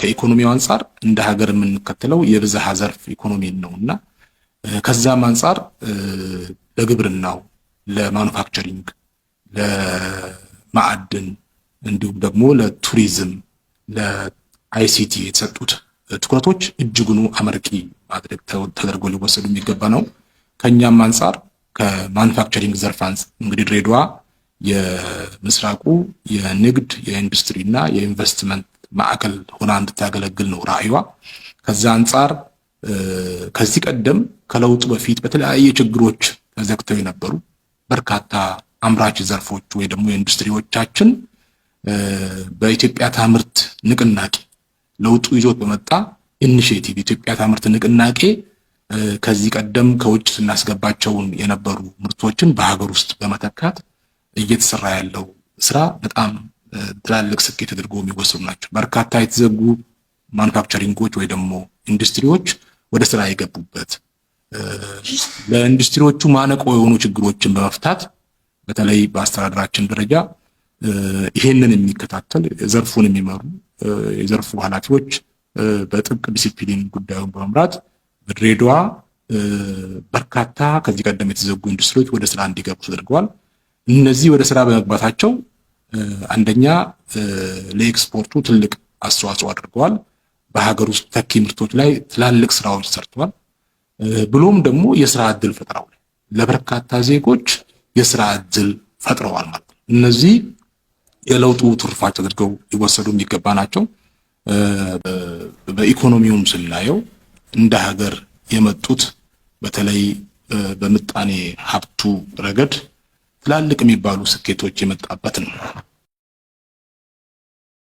ከኢኮኖሚው አንጻር እንደ ሀገር የምንከተለው የብዝሃ ዘርፍ ኢኮኖሚን ነው እና ከዛም አንጻር ለግብርናው፣ ለማኑፋክቸሪንግ፣ ለማዕድን እንዲሁም ደግሞ ለቱሪዝም፣ ለአይሲቲ የተሰጡት ትኩረቶች እጅጉኑ አመርቂ ማድረግ ተደርጎ ሊወሰዱ የሚገባ ነው። ከእኛም አንጻር ከማኑፋክቸሪንግ ዘርፍ እንግዲህ ድሬዳዋ የምስራቁ የንግድ የኢንዱስትሪና የኢንቨስትመንት ማዕከል ሆና እንድታገለግል ነው ራዕዩዋ። ከዛ አንጻር ከዚህ ቀደም ከለውጡ በፊት በተለያየ ችግሮች ተዘግተው የነበሩ በርካታ አምራች ዘርፎች ወይ ደግሞ የኢንዱስትሪዎቻችን በኢትዮጵያ ታምርት ንቅናቄ ለውጡ ይዞት በመጣ ኢኒሽቲቭ ኢትዮጵያ ታምርት ንቅናቄ ከዚህ ቀደም ከውጭ ስናስገባቸውን የነበሩ ምርቶችን በሀገር ውስጥ በመተካት እየተሰራ ያለው ስራ በጣም ትላልቅ ስኬት ተደርጎ የሚወሰዱ ናቸው። በርካታ የተዘጉ ማኑፋክቸሪንጎች ወይ ደግሞ ኢንዱስትሪዎች ወደ ስራ የገቡበት ለኢንዱስትሪዎቹ ማነቆ የሆኑ ችግሮችን በመፍታት በተለይ በአስተዳደራችን ደረጃ ይሄንን የሚከታተል ዘርፉን የሚመሩ የዘርፉ ኃላፊዎች በጥብቅ ዲሲፕሊን ጉዳዩን በመምራት በድሬዳዋ በርካታ ከዚህ ቀደም የተዘጉ ኢንዱስትሪዎች ወደ ስራ እንዲገቡ ተደርገዋል። እነዚህ ወደ ስራ በመግባታቸው አንደኛ ለኤክስፖርቱ ትልቅ አስተዋጽኦ አድርገዋል። በሀገር ውስጥ ተኪ ምርቶች ላይ ትላልቅ ስራዎች ሰርተዋል። ብሎም ደግሞ የስራ እድል ፈጥረው ለበርካታ ዜጎች የስራ እድል ፈጥረዋል ማለት ነው። እነዚህ የለውጡ ትሩፋት ተደርገው ሊወሰዱ የሚገባ ናቸው። በኢኮኖሚውም ስናየው እንደ ሀገር የመጡት በተለይ በምጣኔ ሀብቱ ረገድ ትላልቅ የሚባሉ ስኬቶች የመጣበት ነው።